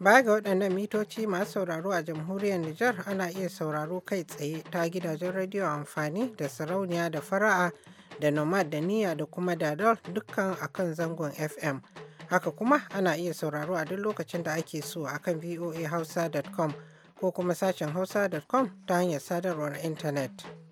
Baya ga waɗannan mitoci masu sauraro a jamhuriyar Nijar ana iya sauraro kai tsaye ta gidajen rediyo amfani da sarauniya da fara'a da nomad da niyya da kuma dadar dukkan akan zangon FM. Haka kuma ana iya sauraro a duk lokacin da ake so akan voahausa.com ko kuma sashen hausa.com ta hanyar sadarwar intanet.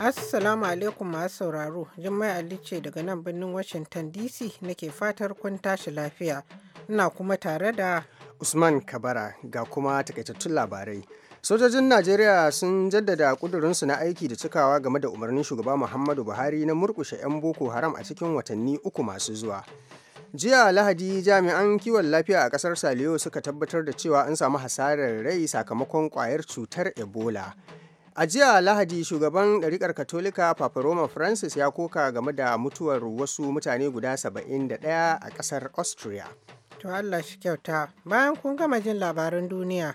Assalamu alaikum masu sauraro, Jummai Ali ce daga nan birnin Washington DC nake fatar kun tashi lafiya. Ina kuma tare da Usman Kabara ga kuma takaitattun labarai. Sojojin Najeriya sun jaddada kudurinsu na aiki da cikawa game da umarnin shugaba Muhammadu Buhari na murkushe 'yan Boko Haram a cikin watanni uku masu zuwa. jiya lahadi jami'an kiwon lafiya a kasar saliyo suka tabbatar da cewa an samu hasarar rai sakamakon kwayar cutar ebola A jiya Lahadi shugaban ɗarikar Katolika Papa Roma Francis ya koka game da mutuwar wasu mutane guda 71 a ƙasar Austria. To Allah shi kyauta bayan kun gama jin labaran duniya.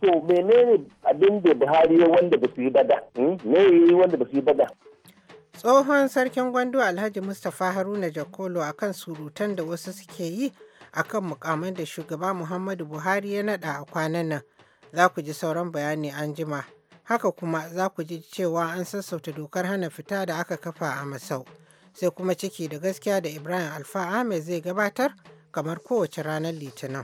To menene abin da Buhari wanda ba su yi bada? Me yi wanda ba su yi bada? Hmm? Tsohon sarkin gwandu Alhaji Mustapha Haruna Jakolo akan surutan da wasu suke yi akan mukamin da shugaba Muhammadu Buhari ya nada a kwanan nan. Za ku ji sauran bayani an jima. Haka kuma za ku ji cewa an sassauta dokar hana fita da aka kafa a Masau. Sai kuma ciki da gaskiya da Ibrahim Alfa Ahmed zai gabatar kamar kowace ranar Litinin.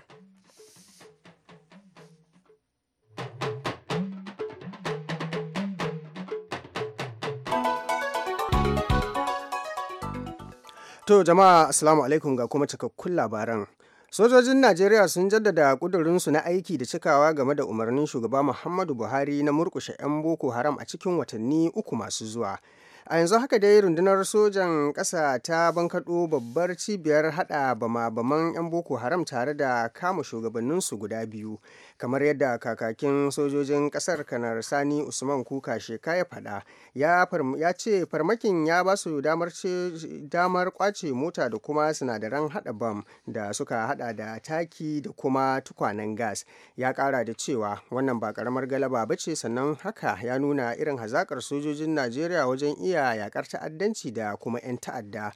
To jama'a assalamu alaikum ga kuma cikakkun labaran. Sojojin Najeriya sun jaddada ƙudurinsu na aiki da cikawa game da umarnin shugaba Muhammadu Buhari na murƙushe 'yan Boko Haram a cikin watanni uku masu zuwa. a yanzu haka dai rundunar sojan ƙasa ta bankaɗo babbar cibiyar haɗa bama-baman 'yan boko haram tare da kama shugabanninsu guda biyu kamar yadda kakakin sojojin kasar kanar sani usman kuka sheka ya faɗa ya ce farmakin ya ba su damar kwace mota da kuma sinadaran hada bam da suka hada da taki da kuma tukwanen gas ya kara da cewa wannan ba karamar galaba ba ce sannan haka ya nuna irin hazakar sojojin najeriya wajen iya yakar ta'addanci da kuma 'yan ta'adda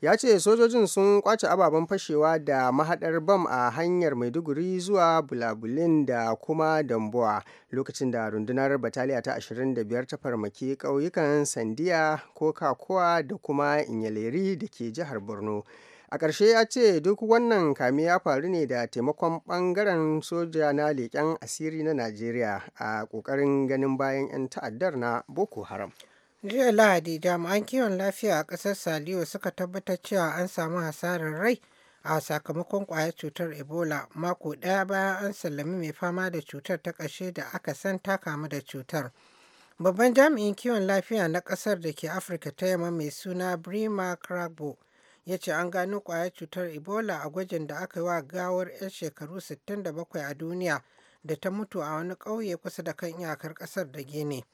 ya ce sojojin sun kwace ababen fashewa da mahadar bam a hanyar maiduguri zuwa bulabulin da kuma damboa lokacin da rundunar bataliya ta 25 ta farmaki ƙauyukan sandiya kokakowa da kuma inyaleri da ke jihar borno a ƙarshe ya ce duk wannan kami ya faru ne da taimakon ɓangaren soja na leƙen asiri na najeriya a ƙoƙarin ganin bayan 'yan ta'addar na boko haram jiya lahadi jami'an kiwon lafiya a ƙasar saliyo suka tabbatar cewa an samu hasarar rai a sakamakon ƙwayar cutar ebola mako ɗaya bayan an sallami mai fama da cutar ta ƙashe da aka san ta kamu da cutar babban jami'in kiwon lafiya na ƙasar da ke afirka ta yamma mai suna brima kragbo ya ce an gano ƙwayar cutar ebola a gwajin da aka yi wa gawar 'yan shekaru 67 a duniya da ta mutu a wani ƙauye kusa da kan iyakar ƙasar da gini.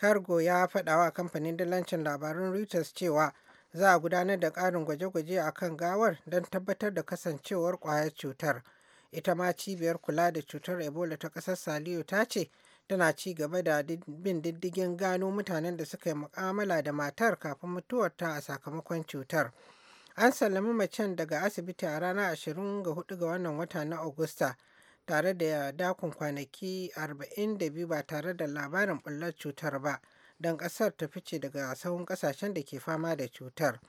Cargo ya faɗa wa kamfanin dalancin labarun Reuters cewa za a gudanar da ƙarin gwaje-gwaje a kan gawar don tabbatar da kasancewar ƙwayar cutar. Ita ma cibiyar kula da cutar Ebola ta ƙasar Saliyo ta ce tana ci gaba da bin diddigin gano mutanen da suka yi mu'amala da matar kafin mutuwar ta a sakamakon cutar. An sallami macen daga asibiti a ranar 24 ga wannan wata na Agusta tare da dakon kwanaki 42 ba tare da labarin bullar cutar ba don ƙasar ta fice daga sahun kasashen da ke fama da cutar.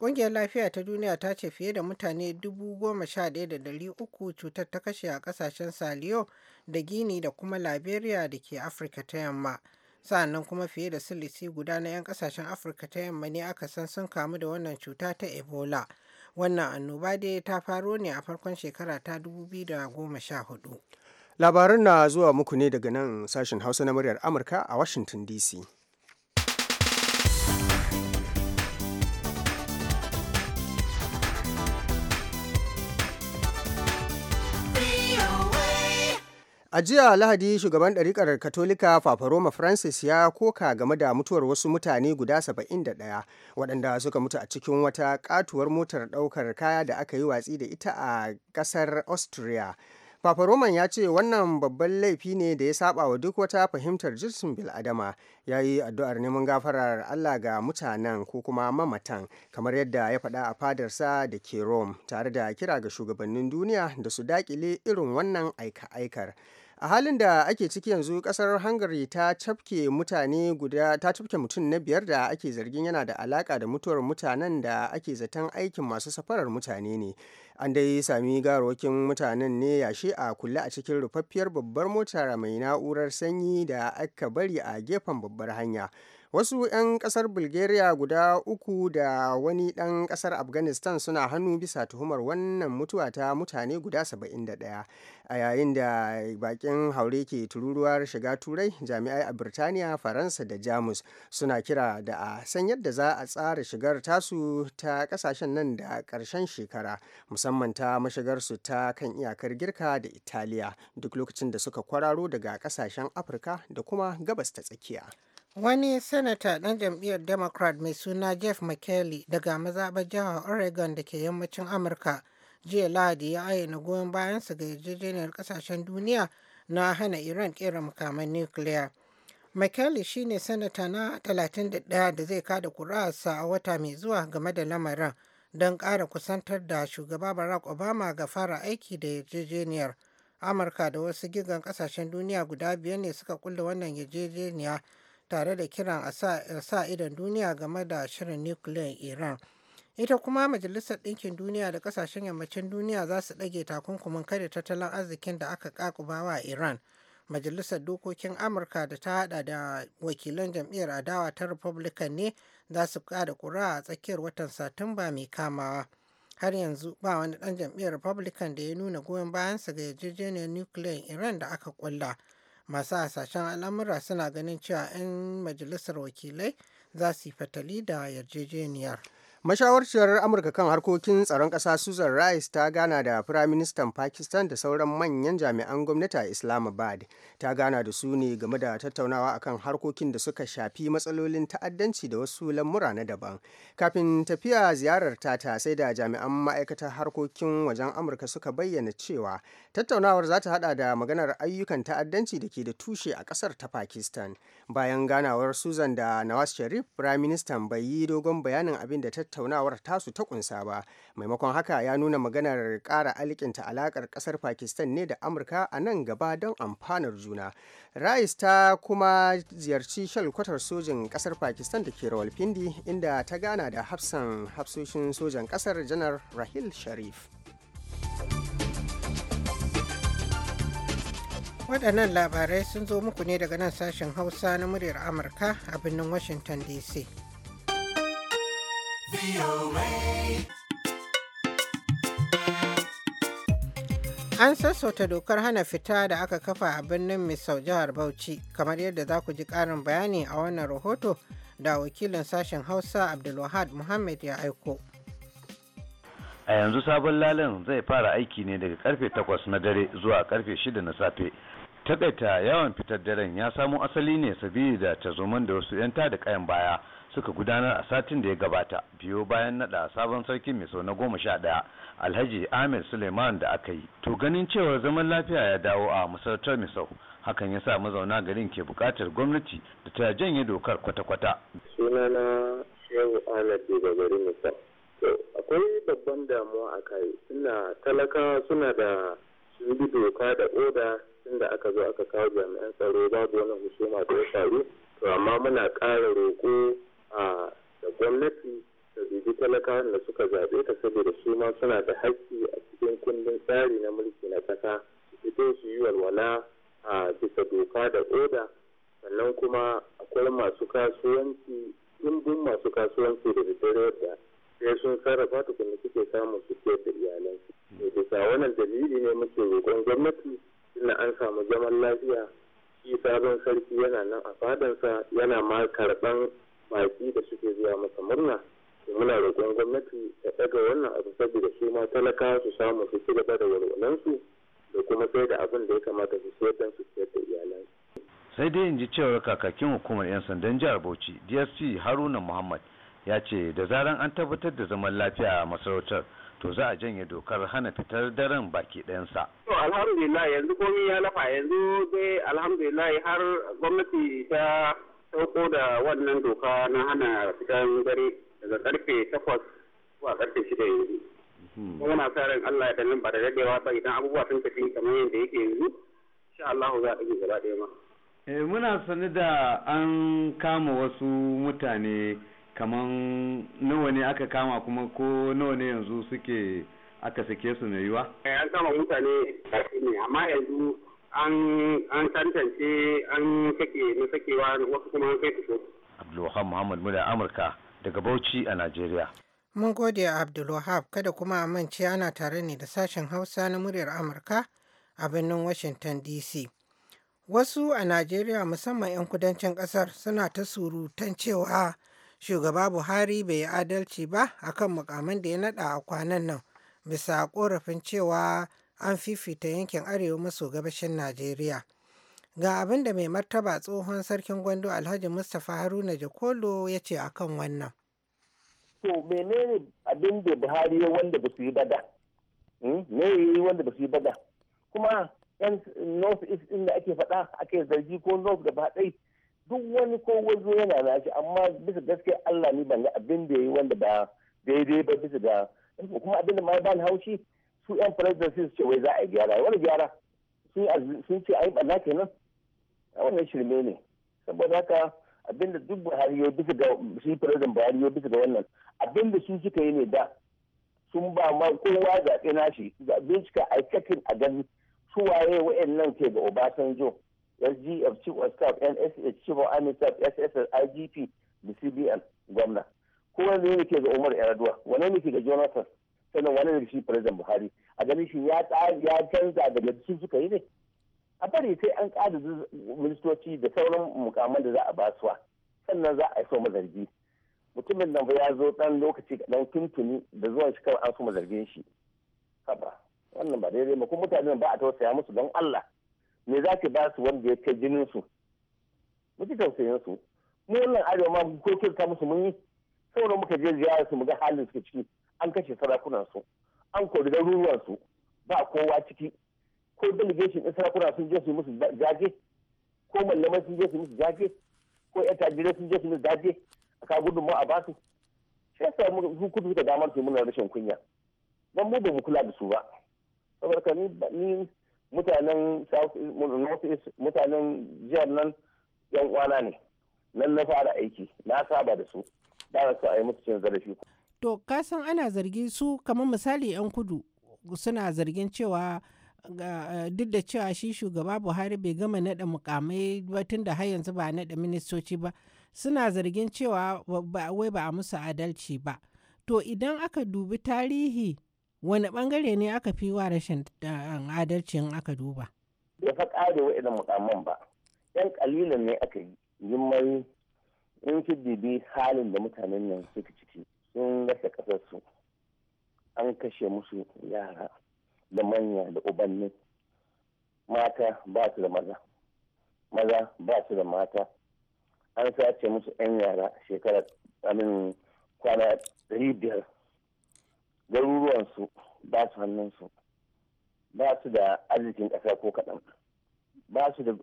Ƙungiyar Lafiya ta Duniya ta ce fiye da mutane 11,300 cutar ta kashe a ƙasashen Saliyo da Gini da kuma Liberia da ke Afirka ta Yamma. Sa'annan kuma fiye da silisi guda na 'yan ƙasashen Afirka ta Yamma ne aka san sun kamu da wannan cuta ta Ebola. Wannan annoba dai ta faro ne a farkon shekara ta 2014. Labaran na zuwa muku ne daga nan sashen Hausa na muryar Amurka a Washington DC. A jiya Lahadi shugaban ɗarikar Katolika Fafaroma Francis ya koka game da mutuwar wasu mutane guda 71 waɗanda suka mutu a cikin wata katuwar motar ɗaukar kaya da aka yi watsi da ita a ƙasar Austria. Papa ya ce wannan babban laifi ne da ya saba wa duk wata fahimtar jinsin bil'adama ya yi addu'ar neman gafarar Allah ga mutanen ko kuma mamatan kamar yadda ya faɗa a fadarsa da ke Rome tare da kira ga shugabannin duniya da su daƙile irin wannan aika-aikar. a halin da ake ciki yanzu kasar hungary ta cafke mutane guda ta cafke mutum na biyar da ake zargin yana da alaka da mutuwar mutanen da ake zaton aikin masu safarar mutane ne an dai sami garokin mutanen ne yashe a kulle a cikin rufaffiyar babbar mota mai na'urar sanyi da aka bari a gefen babbar hanya wasu 'yan kasar bulgaria guda uku da wani ɗan kasar afghanistan suna hannu bisa tuhumar wannan mutuwa ta mutane guda 71 a yayin da bakin haure ke tururuwar shiga turai jami'ai a birtaniya faransa da jamus suna kira da a san yadda za a tsara shigar tasu ta kasashen nan da ƙarshen shekara musamman ta mashigar su ta kan iyakar girka da italiya duk lokacin da suka kwararo daga kasashen afirka da kuma gabas ta tsakiya Wani Sanata ɗan jam'iyyar Democrat mai suna Jeff McKelly daga mazaɓar jihar Oregon da ke yammacin Amurka jiya Lahadi ya ayyana goyon bayansa ga yarjejeniyar ƙasashen duniya na hana Iran ƙera makaman nukiliya. McKelly shine Sanata na 31 da zai kada kuri'arsa a wata mai zuwa game da lamarin don ƙara kusantar da shugaba Barack Obama ga fara aiki da yarjejeniyar. Amurka da wasu gigan ƙasashen duniya guda biyar ne suka kulle wannan yarjejeniya tare da kiran a sa idon duniya game da shirin nukiliyar Iran. Ita kuma Majalisar Ɗinkin Duniya da ƙasashen yammacin duniya za su ɗage takunkumin karya tattalin arzikin da aka ƙaƙubawa a Iran. Majalisar Dokokin Amurka da ta haɗa da wakilan jam'iyyar adawa ta Republican ne za su kada ƙura a tsakiyar watan Satumba mai kamawa. Har yanzu ba wani ɗan jam'iyyar Republican da ya nuna goyon bayansa ga yarjejeniyar nukiliyar Iran da aka ƙulla. masu hasashen al'amura suna ganin cewa 'yan majalisar wakilai za su yi fatali da yarjejeniyar Mashawarciyar Amurka kan harkokin tsaron ƙasa Susan Rice ta gana da Firaministan Pakistan da sauran manyan jami'an gwamnati a Islamabad. Ta gana da su ne game da tattaunawa akan harkokin da suka shafi matsalolin ta'addanci da wasu lamura na daban. Kafin tafiya ziyarar ta sai da jami'an ma'aikatar harkokin wajen Amurka suka bayyana cewa tattaunawar za ta hada da maganar ayyukan ta'addanci da ke da tushe a ƙasar ta Pakistan. Bayan ganawar Susan da Nawaz Sharif, Firaministan bai yi dogon bayanin abin da tattaunawar tasu ta kunsa ba maimakon haka ya nuna maganar kara alikinta alakar ƙasar pakistan ne da amurka a nan gaba don amfanar juna rais ta kuma ziyarci shalkwatar sojin ƙasar pakistan da ke rawalpindi inda ta gana da hafsan hafsoshin sojan ƙasar janar rahil sharif waɗannan labarai sun zo muku ne daga nan sashen hausa na muryar amurka a birnin washington dc An sassauta dokar hana fita da aka kafa a birnin Misau jihar Bauchi, kamar yadda za ku ji ƙarin bayani a wannan rahoto da wakilin sashen Hausa Abdulwahad Muhammad ya aiko. A yanzu sabon lalin zai fara aiki ne daga karfe 8 na dare zuwa karfe 6 na safe. Takaita yawan fitar daren ya samo asali ne sabili da tazoman da wasu 'yan da kayan baya suka gudanar a satin da ya gabata biyo bayan nada sabon sarki mai sau na goma sha daya alhaji ahmed suleiman da aka yi to ganin cewa zaman lafiya ya dawo a masarautar misau hakan ya sa mazauna garin ke bukatar gwamnati da ta janye dokar kwata-kwata sunana shehu ahmed garin misau akwai babban damuwa a kai suna talakawa suna da sun doka da oda tunda aka zo aka kawo jami'an tsaro babu wani husuma da ya faru to amma muna ƙara roƙo da gwamnati ta dubi talakawan da suka zaɓe ta saboda su ma suna da haƙƙi a cikin kundin tsari na mulki na ƙasa su fito su yi walwala a bisa doka da oda sannan kuma akwai masu kasuwanci dimbin masu kasuwanci da daddare da sai sun sarrafa kuma suke samun su ke da iyalansu bisa wannan dalili ne muke roƙon gwamnati tunda an samu zaman lafiya shi sabon sarki yana nan a fadansa yana ma karɓan baki da suke zuwa masa murna muna roƙon gwamnati ta ɗaga wannan abu saboda su ma talaka su samu su ci gaba da walwalansu da kuma sai da abin da ya kamata su sayar don su sayar da iyalansu. sai dai in ji cewar kakakin hukumar 'yan sandan jihar bauchi dsc haruna muhammad ya ce da zaran an tabbatar da zaman lafiya a masarautar to za a janye dokar hana fitar daren baki ɗayansa. to alhamdulillah yanzu komi ya lafa yanzu dai alhamdulillah har gwamnati ta sauko da wannan doka na hana fitan dare daga karfe takwas zuwa karfe shida yanzu kuma hmm. muna sa ran Allah ya dalilin ba da dadewa ba idan abubuwa sun tafi kamar yadda yake yanzu insha Allah za a gaba ɗaya ma eh muna sani da an kama wasu mutane kamar nawa ne aka kama kuma ko nawa ne yanzu suke aka sake su na yiwa eh an kama mutane eh, ne amma yanzu an tantance an sake na sakewa wasu kuma an kai su Abdulwahab Muhammad Amurka daga Bauchi a Najeriya. Mun gode a Abdulwahab kada kuma a mance ana tare ne da sashen Hausa na muryar Amurka a birnin Washington DC. Wasu a Najeriya musamman 'yan kudancin ƙasar suna ta surutan cewa shugaba Buhari bai adalci ba akan mukamin da ya naɗa a kwanan nan bisa korafin cewa an fifita yankin arewa maso gabashin Najeriya. Ga abin da mai martaba tsohon sarkin gwando Alhaji Mustapha Haruna Jakolo ya ce akan wannan. To menene abin da Buhari wanda ba su yi bada? Me yi wanda ba su yi bada? Hmm? Kuma yan North East din da ake faɗa ake zargi ko North da ba duk wani ko wazo yana nashi amma bisa gaske Allah ni ban ga abin da ya yi wanda ba daidai ba bisa ga kuma abin da ma ya bani haushi su yan faransa su ce wai za a gyara wani gyara sun ce a yi ɓanna kenan a wannan shirme ne saboda haka abinda duk buhari ya bisa ga shi faransa buhari ya bisa ga wannan abinda su suka yi ne da sun ba ma kowa zaɓe nashi bincika a cikin a gani su waye wa'annan ke ga obasanjo sgf chief of staff nsh chief of army staff sss igp da cbn gwamna kowa ne ke ga umar yaraduwa wane ne ke ga jonathan sannan wani da shi president buhari a ganin shi ya canza da su suka yi ne a bari sai an kada ministoci da sauran mukaman da za a basuwa sannan za a yi so mazargi mutumin nan ya zo dan lokaci dan tuntuni da zuwan shi kawai an so mazargin shi haba wannan ba daidai ba mutane ba a tausaya musu don Allah me za ka ba su wanda ya kai jinin su muke tausayin su mu wannan arewa ma ko kirka musu mun yi sauran muka je ziyara su mu ga halin suke ciki an kashe sarakunan su an kori garuruwan su ba kowa ciki ko delegation din sarakuna sun je su musu jaje ko mallaman sun je su musu jaje ko yan tajirai sun je su musu jaje a ka gudun mu a basu shi yasa mu kudu da damar su muna rashin kunya ban mu ba mu kula da su ba saboda ni mutanen south north east mutanen jihar nan yan uwana ne nan na fara aiki na saba da su da su a yi musu cin zarafi to kasan ana zargi su kamar misali 'yan kudu suna zargin cewa duk da cewa shi shugaba buhari bai gama naɗa mukamai ba tun da har yanzu ba nada ministoci ba suna zargin cewa wai ba a musu adalci ba to idan aka dubi tarihi wani bangare ne aka fi wa rashin in aka duba ya fa kare wa'idan mukamman ba yan kalilan ne aka yi mai in ki bibi halin da mutanen nan suka sun rasa kasarsu an kashe musu yara da manya da ubanni mata ba su da maza maza ba su da mata an sace musu 'yan yara shekara amin kwana dari biyar garuruwansu ba su hannunsu ba su da arzikin ƙasa ko kaɗan ba su da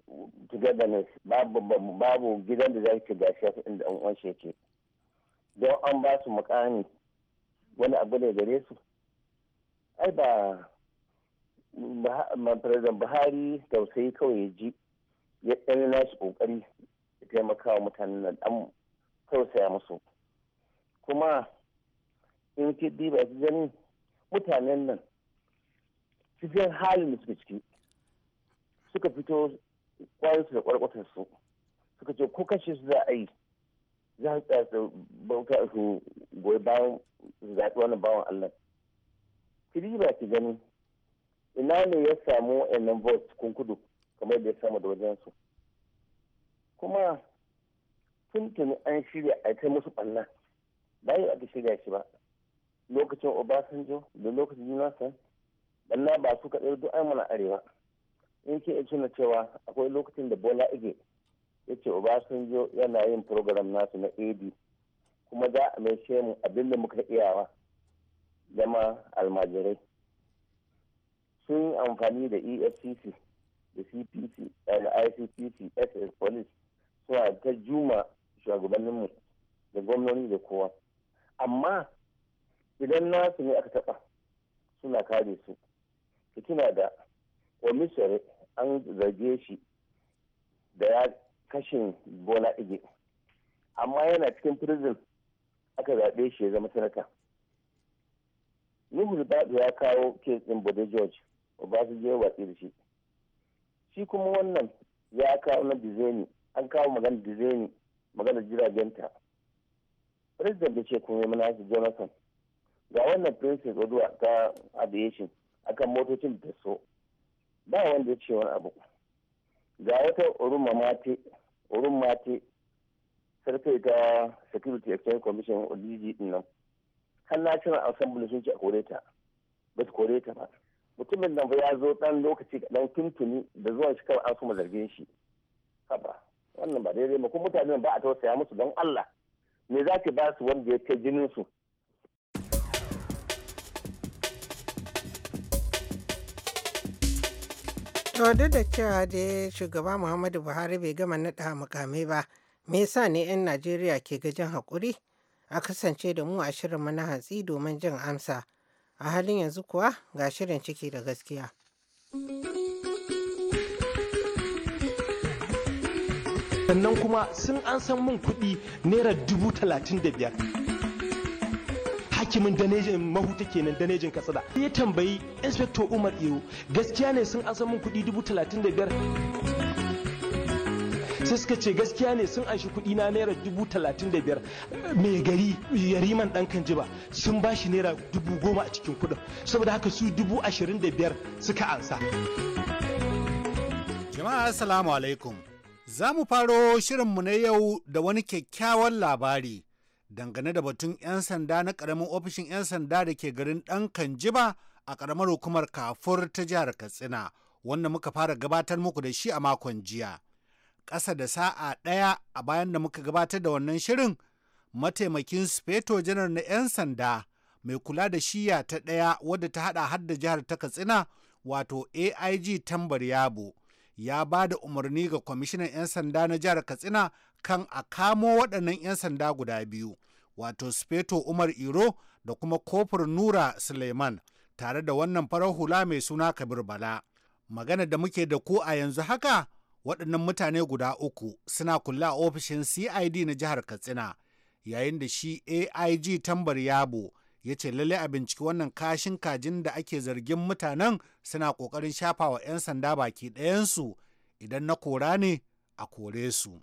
togetherness babu gidan da za ke gashi inda an wanshe ke. don an ba su mukami wani abu ne gare su ai ba president buhari tausayi kawai ya ji ya ɗan nashi ƙoƙari ya taimaka wa mutanen nan ɗan tausaya musu kuma in ki diba su gani mutanen nan cikin halin da suka ciki suka fito kwanansu da ƙwarƙwatar su suka ce ko kashe su za a yi za su tsaya su bauta su goyi bayan su zaɓi wani bawan Allah. Kiri ba ki gani ina ne ya samu wa'annan vote kun kudu kamar da ya samu da su. Kuma tuni an shirya a kai musu ɓanna bayan aka shirya shi ba. Lokacin Obasanjo da lokacin Jonathan ɓanna ba su kaɗai duk an mana arewa. In ke cewa akwai lokacin da Bola Ige ya ce obasanjo yana yin program nasu na ad kuma za a mai mu abin da muka iyawa zama almajirai sun yi amfani da efcc da cpc da icpc ss police suna ta juma shugabanninmu da gwamnoni da kowa amma idan nasu ne aka taba suna kare su tuna da omisare an zage shi da ya kashin bola ige amma yana cikin prison aka zaɓe shi ya zama sanata nuhu zubadu ya kawo case ɗin bode george obasanjo ya watsi da shi shi kuma wannan ya kawo na dizeni an kawo magana dizeni magana jiragen ta. president da ce kuma mana shi jonathan ga wannan princess oduwa ta aviation akan motocin da so ba wanda ya ce wani abu ga wata oruma mate wurin mate sarkai ta security exchange commission odg din nan har national assembly sun ce a kore ta ba su kore ta ba mutumin nan ba ya zo dan lokaci ga dan tuntuni da zuwan shi kawai an suma zargin shi haba wannan ba daidai ma kuma mutanen ba a tausaya musu don allah me za ki ba su wanda ya kai jinin su To duk da cewa dai shugaba Muhammadu Buhari bai gama naɗa mukamai ba, me yasa ne 'yan Najeriya ke gajin haƙuri? A kasance da mu a shirinmu na hatsi domin jin amsa. A halin yanzu kuwa ga shirin ciki da gaskiya. Sannan kuma sun an san mun kuɗi naira dubu talatin da biyar. hakimin danejin mahuta kenan danejin katsina ya tambayi inspector umar iyo gaskiya ne sun asa min kuɗi dubu talatin da biyar sai suka ce gaskiya ne sun anshi kuɗi na naira dubu talatin da biyar mai gari yariman dan kan jiba sun ba shi naira dubu goma a cikin kuɗin saboda haka su dubu ashirin da biyar suka ansa jama'a assalamu alaikum za mu faro shirinmu na yau da wani kyakkyawan labari dangane da batun 'yan sanda na karamin ofishin 'yan sanda da ke garin ɗan Kanjiba a ƙaramar hukumar kafur ta jihar Katsina, wanda muka fara gabatar muku da shi a makon jiya. Ƙasa da sa'a ɗaya a bayan da muka gabatar da wannan shirin, mataimakin Sufeto janar na 'yan sanda mai kula da shiya ta ɗaya wadda ta haɗa har da jihar ta Katsina, wato AIG Tambar Yabo. ya ba da umarni ga kwamishinan 'yan sanda na jihar katsina kan a kamo waɗannan 'yan sanda guda biyu wato speto umar iro da kuma kofar nura suleiman tare da wannan farar hula mai suna kabir bala magana da muke da ku a yanzu haka waɗannan mutane guda uku suna kula a ofishin cid na jihar katsina yayin da shi aig tambar yabo ya ce lalle a binciki wannan kashin kajin da ake zargin mutanen suna ƙoƙarin shafa wa 'yan sanda baki ɗayansu idan na kora ne a kore su.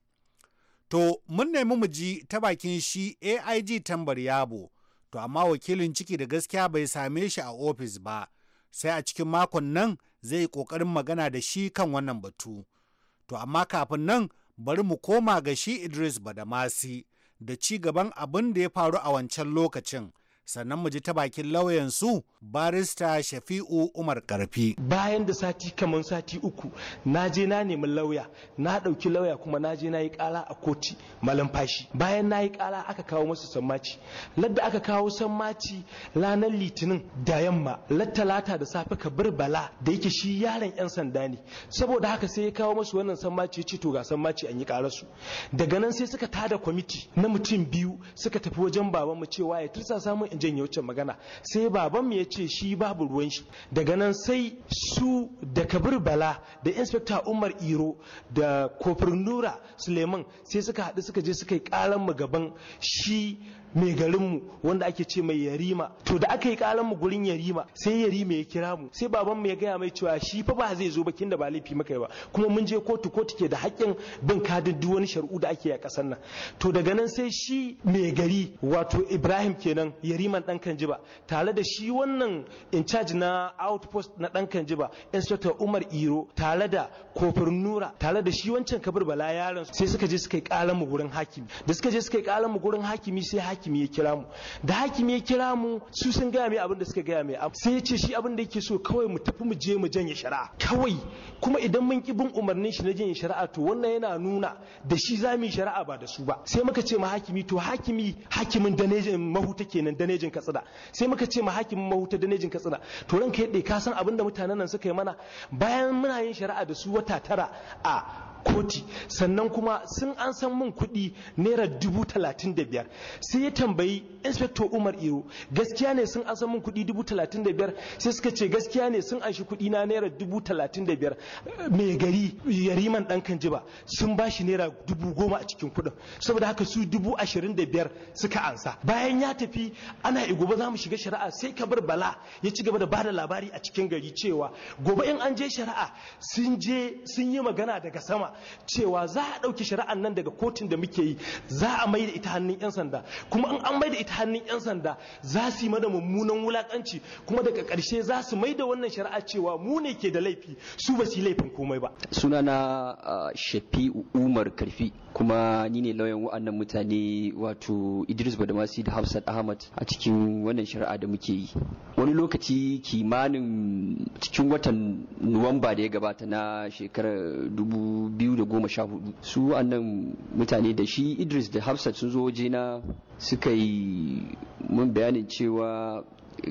To mun nemi mu ji ta bakin shi AIG tambar yabo, to amma wakilin ciki da gaskiya bai same shi a ofis ba, sai a cikin makon nan zai ƙoƙarin magana da shi kan wannan batu. To amma kafin nan bari mu koma ga shi Idris Badamasi da ci gaban abin da ya faru a wancan lokacin. sannan mu ji ta bakin lauyansu barista shafi'u umar karfi bayan da sati kamar sati uku na je na nemi lauya na ɗauki lauya kuma na je na yi kala a koti malam fashi bayan na yi ƙara aka kawo masu sammaci ladda aka kawo sammaci ranar litinin da yamma lattalata da safe kabir bala da yake shi yaron yan sanda ne saboda haka sai ya kawo masu wannan sammaci ya ce to ga sammaci an yi ƙararsu daga nan sai suka tada kwamiti na mutum biyu suka tafi wajen mu cewa ya tursa samun in janye wucin magana sai baban mu ya ce shi babu ruwan shi daga nan sai su da kabir bala da inspector umar iro da kofar nura suleiman sai suka haɗu suka je suka yi ƙaran mu gaban shi mai garinmu wanda ake ce mai yarima to da aka yi kalan mu gurin yarima sai yarima ya kira mu sai baban mu ya gaya mai cewa shi fa ba zai zo ba da ba laifi maka ba kuma mun je kotu kotu ke da haƙƙin bin kadin duk wani shari'u da ake a ƙasar nan to daga nan sai shi mai gari wato Ibrahim kenan yariman dan Kanjiba tare da shi wannan in charge na outpost na dan Kanjiba inspector Umar Iro tare da kofar Nura tare da shi wancan kabir bala yaron sai suka je suka yi kalan mu gurin hakimi da suka je suka yi kalan mu gurin hakimi sai hakimi hakimi ya kira mu da hakimi ya kira mu su sun gaya mai abin da suka gaya mai sai ya ce shi abin da yake so kawai mu tafi mu je mu janye shari'a kawai kuma idan mun ki bin umarnin shi na janye shari'a to wannan yana nuna da shi za mu yi shari'a ba da su ba sai muka ce ma hakimi to hakimi hakimin danejin mahuta kenan danejin katsina sai muka ce ma hakimin mahuta danejin katsina to ranka yadda ka san abin da mutanen nan suka yi mana bayan muna yin shari'a da su wata tara a koti sannan kuma sun an san mun kuɗi naira dubu talatin da biyar sai ya tambayi inspector umar iro gaskiya ne sun an san mun kuɗi dubu talatin da biyar sai suka ce gaskiya ne sun an shi kuɗi na naira dubu talatin da biyar mai gari yariman ɗan kan jiba sun ba shi naira dubu goma a cikin kuɗin saboda haka su dubu ashirin da biyar suka ansa bayan ya tafi ana yi gobe za mu shiga shari'a sai ka bar bala ya ci gaba da ba da labari a cikin gari cewa gobe in an je shari'a sun je sun yi magana daga sama cewa za a ɗauki shari'an nan daga kotun da muke yi za a mai da ita hannun 'yan sanda kuma in an mai da ita hannun 'yan sanda za su yi mana mummunan wulakanci kuma daga karshe za su mai da wannan shari'a cewa mu ne ke da laifi su ba su yi laifin komai ba Suna na shafi umar karfi kuma ni ne lauyan wa'annan mutane wato idris badamasi da hafsat ahmad a cikin wannan shari'a da muke yi wani lokaci kimanin cikin watan nuwamba da ya gabata na shekarar dubu hudu su wa'annan mutane da shi idris da hafsa sun zo wajena suka yi mun bayanin cewa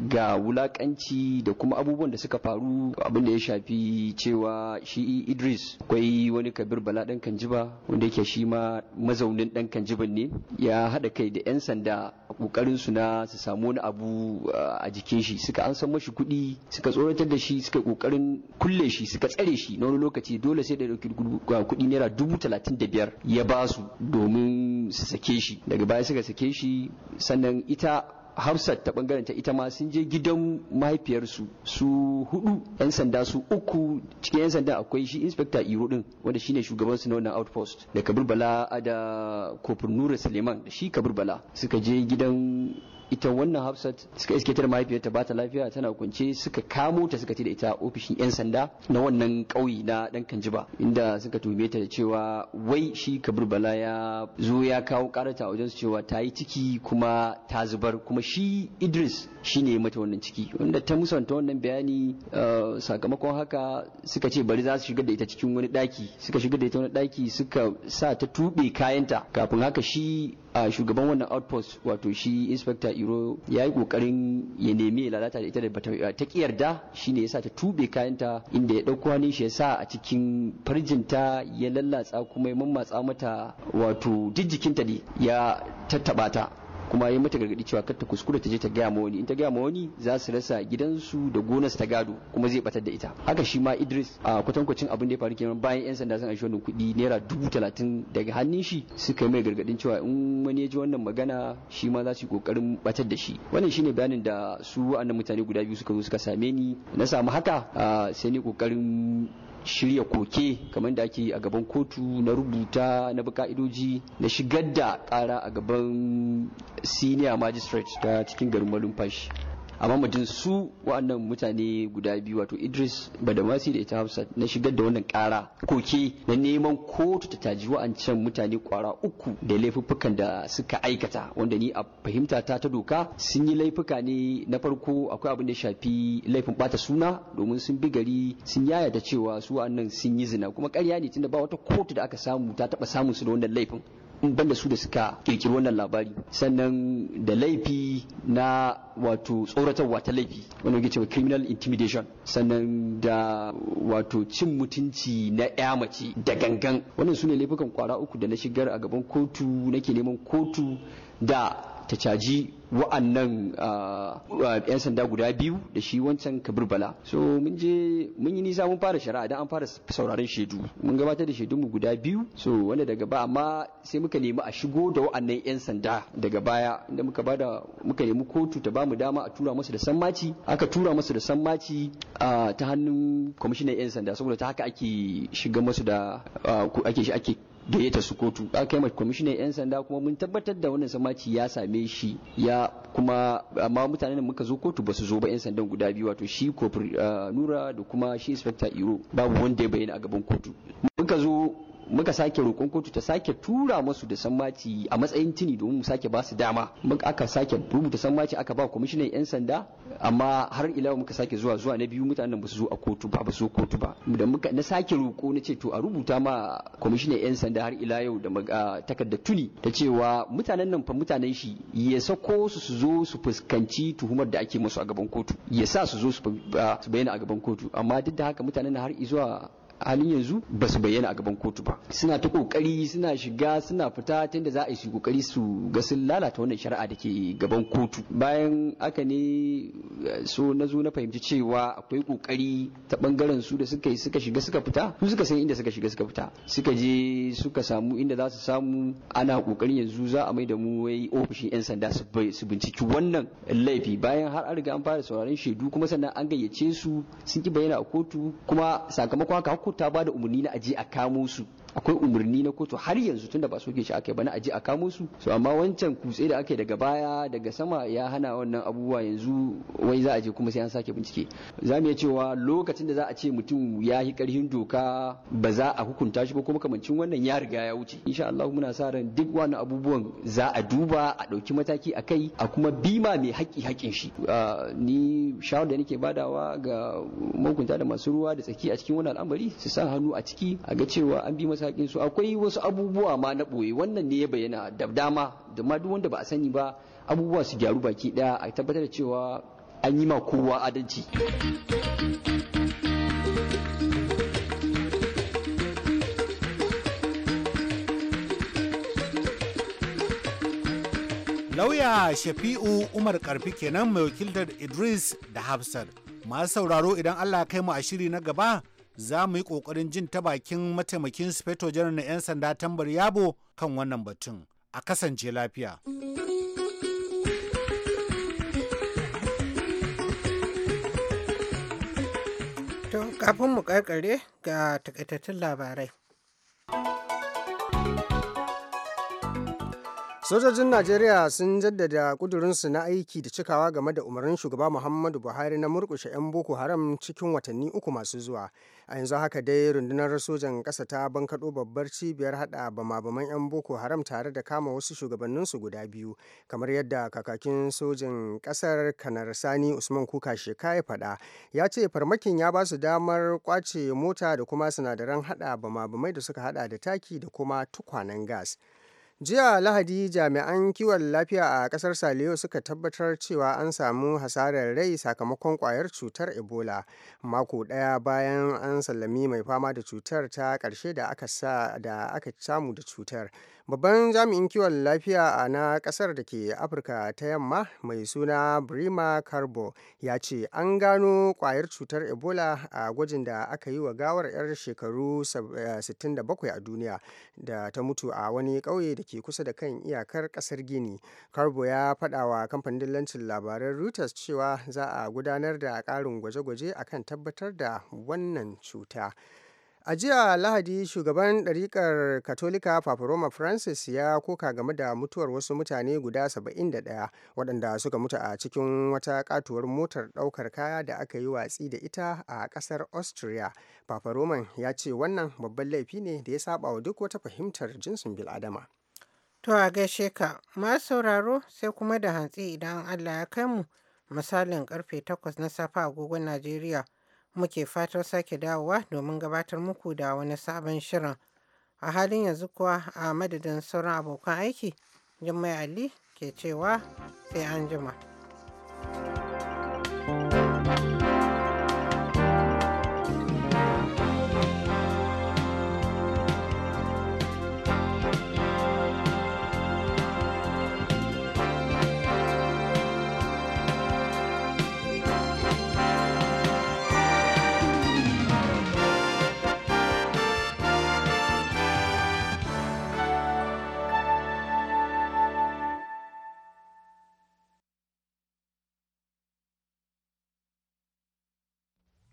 ga wulakanci da kuma abubuwan da suka faru abin da ya shafi cewa shi idris akwai wani kabir bala dan kanjiba wanda yake shi ma mazaunin dan kanjiban ne ya haɗa kai da 'yan sanda kokarin su na su samu wani abu a jikin shi suka an san mashi kuɗi suka tsoratar da shi suka kokarin kulle shi suka tsare shi na wani lokaci dole sai da dauki kuɗi naira dubu talatin da biyar ya ba su domin su sake shi daga baya suka sake shi sannan ita hafsat ta bangaren ta ita ma sun je gidan mahaifiyarsu su hudu yan sanda su uku cikin yan sanda akwai shi inspector iro din wanda shine shugaban su na wannan outpost da kabir bala da kofin nura suleiman da shi kabir bala suka je gidan ita wannan hafsat suka iske ta da mahaifiyarta ba ta lafiya tana kunce suka kamo ta suka ce da ita ofishin yan sanda na wannan ƙauye na dan kanjiba inda suka tume ta da cewa wai shi kabir bala ya zo ya kawo karata wajen su cewa ta yi ciki kuma ta zubar kuma shi idris shi ne mata wannan ciki wanda ta musanta wannan bayani uh, sakamakon haka suka ce bari za su shigar da ita cikin wani daki suka shigar da ita wani daki suka sa ta tube kayanta kafin haka shi a shugaban wannan outpost wato shi inspector iro ya yi kokarin ya nemi lalata da ita da bata eh, ta kiyarda shine yasa ta tube kayanta inda ya dauko hannun shi yasa a cikin farjinta ya lallatsa kuma ya mammatsa mata wato duk jikinta ne ya tattaba ta kuma ya mata gargadi cewa kar ta kuskure ta je ta gaya ma wani in ta gaya ma wani za su rasa gidansu da gonarsu ta gado kuma zai batar da ita haka shi ma Idris a kwatankwacin abin da ya faru kenan bayan yan sanda sun aishi wannan kuɗi naira dubu talatin daga hannun shi suka mai gargadin cewa in wani ya ji wannan magana shi ma za su yi kokarin batar da shi wannan shine bayanin da su wa'annan mutane guda biyu suka zo suka same ni na samu haka sai ni kokarin shirya koke kamar da ake a gaban kotu na rubuta na bi ka'idoji na shigar da kara a gaban senior magistrate ta cikin garin malumfashi amma mutum su wa'annan mutane guda biyu wato Idris Badamasi da ita Hafsat na shigar da wannan ƙara koke na neman kotu ta taji wa'ancan mutane kwara uku da laifuffukan da suka aikata wanda ni a fahimta ta ta doka sun yi laifuka ne na farko akwai abin da shafi laifin bata suna domin sun bi gari sun yaya da cewa su wa'annan sun yi zina kuma ƙarya ne tunda ba wata kotu da aka samu ta taɓa samun su da wannan laifin Ban banda su da suka kirkiri wannan labari sannan da laifi na wato tsoratarwa ta laifi wani yake cewa criminal intimidation sannan da wato cin mutunci na ya mace da gangan wannan su ne laifukan kwara uku da na shigar a gaban kotu nake neman kotu da ta caji wa'annan ah, ah, yan sanda guda biyu da shi wancan kabir bala so mun je mun yi nisa mun fara shari'a da an fara sauraron shaidu mun gabatar da shaidunmu guda biyu so wanda daga ba amma sai muka nemi a shigo da wa'annan yan sanda daga baya inda muka bada muka nemi kotu ta bamu dama a tura musu da sammaci aka tura musu da sammaci ah, ta hannun kwamishinan yan sanda saboda ta haka ake shiga musu da ake da ya tasu kotu aka kai mai kwamishinan yan sanda kuma mun tabbatar da wannan samaci ya same shi ya kuma amma mutanen da muka zo kotu ba su zo ba yan sandan guda biyu wato shi kofar ah, nura da kuma shi inspector iro babu wanda ya bayyana a gaban kotu muka zo muka sake roƙon kotu ta sake tura masu da sammaci a matsayin tuni domin mu sake ba dama muka aka sake rubuta sammaci aka ba kwamishinan yan sanda amma har ila muka sake zuwa zuwa na biyu mutanen ba su zo a kotu ba ba su kotu ba da muka na sake roƙo na ce to a rubuta ma kwamishinan yan sanda har ila yau da takarda tuni ta cewa mutanen nan fa mutanen shi ya sako su su zo su fuskanci tuhumar da ake musu a gaban kotu ya sa su zo su bayyana a gaban kotu amma duk da haka mutanen har zuwa halin yanzu ba su bayyana a gaban kotu ba suna ta kokari suna shiga suna fita tunda za a yi su kokari su ga sun lalata wannan shari'a da ke gaban kotu bayan aka ne so na zo na fahimci cewa akwai kokari ta bangaren su da suka yi suka shiga suka fita su suka san inda suka shiga suka fita suka je suka samu inda za su samu ana kokarin yanzu za a mai da mu wai ofishin yan sanda su binciki wannan laifi bayan har an riga an fara sauraron shaidu kuma sannan an gayyace su sun ki bayyana a kotu kuma sakamakon haka uku ta bada umarni na aje a kamo su akwai umarni na kotu har yanzu tunda ba soke shi aka yi ba na aji a kamo su so amma wancan kutse da aka daga baya daga sama ya hana wannan abubuwa yanzu wai za a je kuma sai an sake bincike za mu iya cewa lokacin da za a ce mutum ya yi karhin doka ba za a hukunta shi ba kuma kamancin wannan ya riga ya wuce insha Allah muna sa ran duk wani abubuwan za a duba a ɗauki mataki a kai a kuma bima mai haƙƙi haƙƙin shi ni shawar da nake badawa ga mahukunta da masu ruwa da tsaki a cikin wannan al'amari su sa hannu a ciki a ga cewa an bi masa sakin su akwai wasu abubuwa ma na ɓoye wannan ne ya bayyana da dama da ma duk wanda ba a sani ba abubuwa su gyaru baki ɗaya a tabbatar da cewa an yi ma kowa adalci lauya shafi'u umar karfi kenan mai wakiltar idris da hafsat masu sauraro idan allah kai mu a shiri na gaba za mu yi ƙoƙarin jin ta bakin mataimakin sufeto janar na 'yan sanda tambar yabo kan wannan batun a kasance lafiya. kafin mu karkare ga takaitattun labarai. Sojojin Najeriya sun jaddada kudurinsu na aiki da cikawa game da umarnin shugaba Muhammadu Buhari na murkushe 'yan Boko Haram cikin watanni uku masu zuwa. A yanzu haka dai rundunar sojan ƙasa ta bankaɗo babbar cibiyar haɗa bama-baman 'yan Boko Haram tare da kama wasu shugabanninsu guda biyu, kamar yadda kakakin sojan ƙasar Kanar Sani Usman Kuka Sheka ya faɗa. Ya ce farmakin ya ba su damar kwace mota da kuma sinadaran haɗa bama-bamai da suka haɗa da taki da kuma tukwanen gas. Jiya Lahadi jami'an kiwon lafiya a kasar Saliyo suka tabbatar cewa an samu hasarar rai sakamakon kwayar cutar Ebola mako daya bayan an sallami mai fama da cutar ta karshe da aka samu da cutar. Babban jami'in kiwon lafiya a na kasar da ke Afirka ta yamma mai suna Brima Carbo ya ce an gano kwayar cutar Ebola a gwajin da aka yi wa gawar 'yar shekaru 67 eh, a duniya da ta mutu a wani ƙauye da ke kusa da kan iyakar kasar Gini. Carbo ya faɗa wa kamfanin lancin labaran Reuters cewa za a gudanar da ƙarin gwaje-gwaje akan tabbatar da wannan cuta. A jiya Lahadi shugaban ɗarikar Katolika Papa Roma Francis ya koka game da mutuwar wasu mutane guda 71 waɗanda suka mutu a cikin wata katuwar motar ɗaukar kaya da aka yi watsi da ita a ƙasar Austria. Papa Roman ya ce wannan babban laifi ne da ya saba wa duk wata fahimtar jinsin bil'adama. To a gaishe ka, masu sauraro sai kuma da hantsi idan Allah ya kai mu misalin karfe 8 na safe agogon Najeriya. muke fatan sake dawowa domin gabatar muku da wani sabon shirin. A halin yanzu kuwa a madadin sauran abokan aiki, Jummai Ali ke cewa sai an jima.